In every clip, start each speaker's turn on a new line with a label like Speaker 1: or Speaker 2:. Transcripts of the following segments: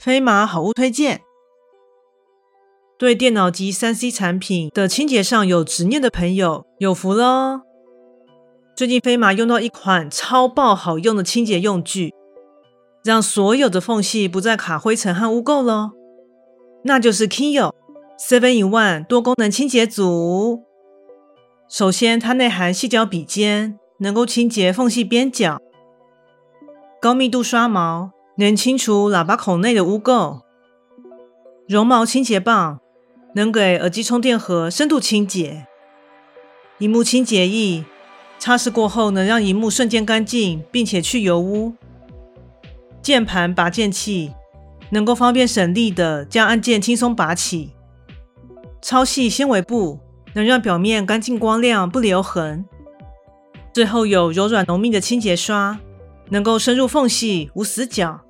Speaker 1: 飛馬好物推薦，對電腦及 3C 產品的清潔上有執念的朋友有福囉。最近飛馬用到一款超爆好用的清潔用具，讓所有的縫隙不再卡灰塵和污垢囉，那就是 KINYO 7IN1 多功能清潔組。首先，它內含矽膠筆尖，能夠清潔縫隙邊角；高密度刷毛。能清除喇叭孔內的污垢，絨毛清潔棒能給耳機充電盒深度清潔，螢幕清潔液擦拭過後能讓螢幕瞬間乾淨，並且去油污。鍵盤拔鍵器能夠方便省力的將按鍵輕鬆拔起，超細纖維布能讓表面乾淨光亮，不留痕。最後有柔軟濃密的清潔刷，能夠深入縫隙，無死角。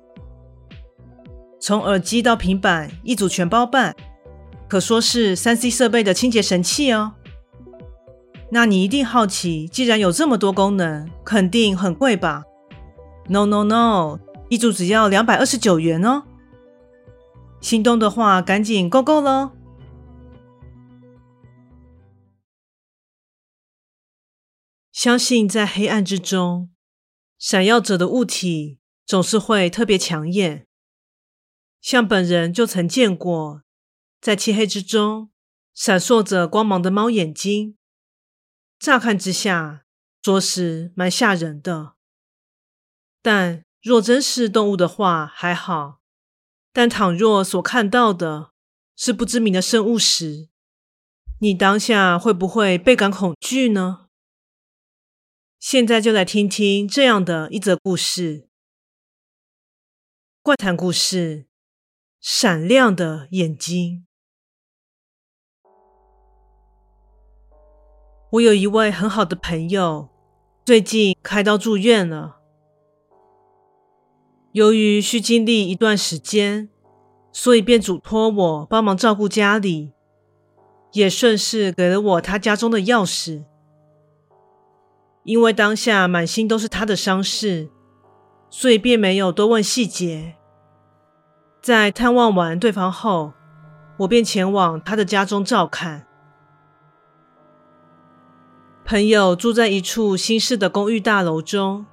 Speaker 1: 從耳機到平板，一組全包辦，可說是 3C 設備的清潔神器哦。那你一定好奇，既然有這麼多功能，肯定很貴吧？No No No，一組只要兩百二十九元哦。心動的話，趕緊購購咯！相信在黑暗之中，閃耀著的物體總是會特別搶眼。像本人就曾見過，在漆黑之中閃爍着光芒的貓眼睛，乍看之下着實蠻嚇人的。但若真是動物的話還好，但倘若所看到的是不知名的生物時，你當下會不會倍感恐懼呢？現在就來聽聽這樣的一則故事。怪談故事。閃亮的眼睛。我有一位很好的朋友，最近開刀住院了。由於需經歷一段時間，所以便囑托我幫忙照顧家裡，也順勢給了我他家中的鑰匙。因為當下滿心都是他的傷勢，所以便沒有多問細節。在探望完對方後，我便前往他的家中照看。朋友住在一處新式的公寓大樓中。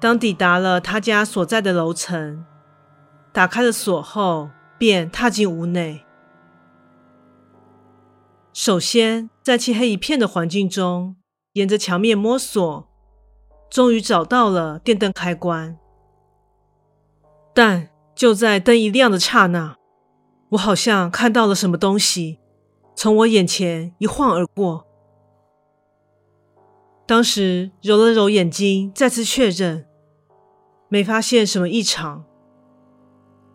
Speaker 1: 當抵達了他家所在的樓層，打開了鎖後，便踏進屋內。首先，在漆黑一片的環境中，沿着牆面摸索，終於找到了電燈開關。但，就在燈一亮的剎那，我好像看到了什麼東西從我眼前一晃而過。當時揉了揉眼睛，再次確認，沒發現什麼異常，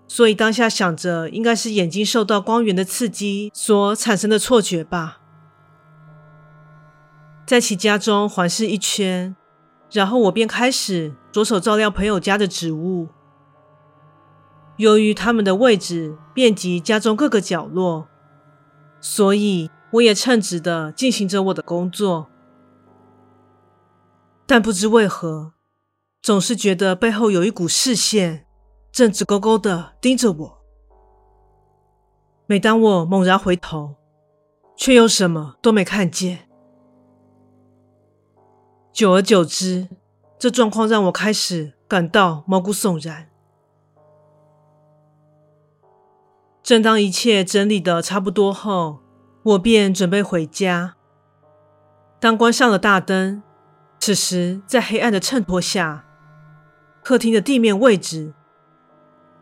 Speaker 1: 所以當下想着應該是眼睛受到光源的刺激所產生的錯覺吧。在其家中環視一圈，然後我便開始着手照料朋友家的植物。由於他們的位置遍及家中各個角落，所以我也稱職地進行着我的工作。但不知為何，總是覺得背後有一股視線正直勾勾地盯着我。每當我猛然回頭，卻又什麼都沒看見。久而久之，這狀況讓我開始感到毛骨悚然。正當一切整理得差不多後，我便準備回家。當關上了大燈，此時在黑暗的襯托下，客廳的地面位置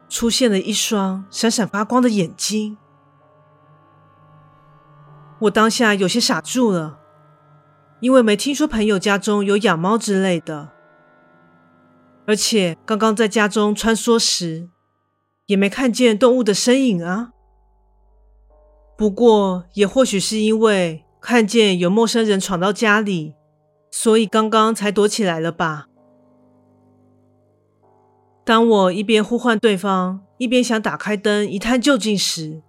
Speaker 1: 出現了一雙閃閃發光的眼睛。我當下有些傻住了，因為沒聽說朋友家中有養貓之類的，而且剛剛在家中穿梭時。也沒看見動物的身影啊。不過，也或許是因為看見有陌生人闖到家裡，所以剛剛才躲起來了吧？當我一邊呼喚對方，一邊想打開燈一探究竟時，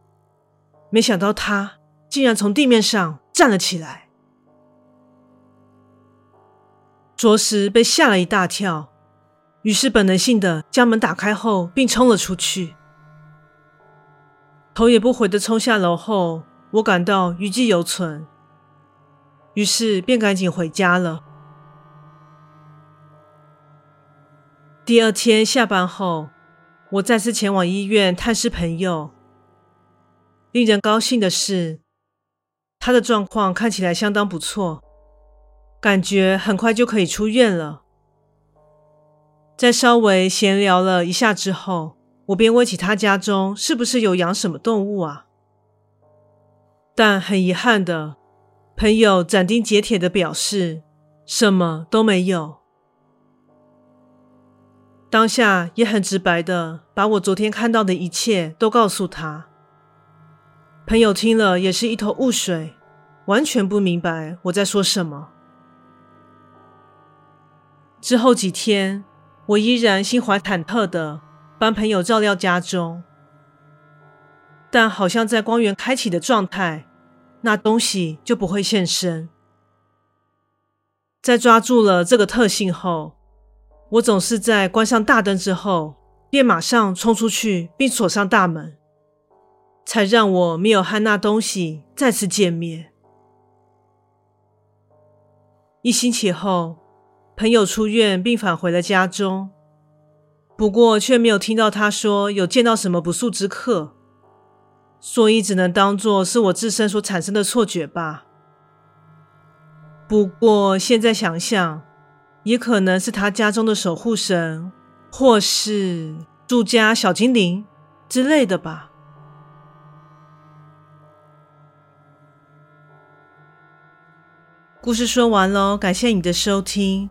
Speaker 1: 沒想到他竟然從地面上站了起來，着實被嚇了一大跳。於是，本能性的將門打開後，並衝了出去，頭也不回的衝下樓後，我感到餘悸猶存，於是便趕緊回家了。第二天下班後，我再次前往醫院探視朋友。令人高興的是，他的狀況看起來相當不錯，感覺很快就可以出院了。在稍微閒聊了一下之後，我便問起他家中是不是有養什麼動物啊？但很遺憾的，朋友斬釘截鐵的表示，什麼都沒有。當下也很直白的把我昨天看到的一切都告訴他。朋友聽了也是一頭霧水，完全不明白我在說什麼。之後幾天，我依然心懷忐忑的幫朋友照料家中，但好像在光源開啟的狀態，那東西就不會現身。在抓住了這個特性後，我總是在關上大燈之後，便馬上衝出去並鎖上大門，才讓我沒有和那東西再次見面。一星期後。朋友出院並返回了家中，不過卻沒有聽到他說有見到什麼不速之客，所以只能當做是我自身所產生的錯覺吧。不過現在想想，也可能是他家中的守護神，或是住家小精靈之類的吧。故事說完嘍，感謝你的收聽。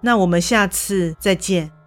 Speaker 1: 那我們下次再見。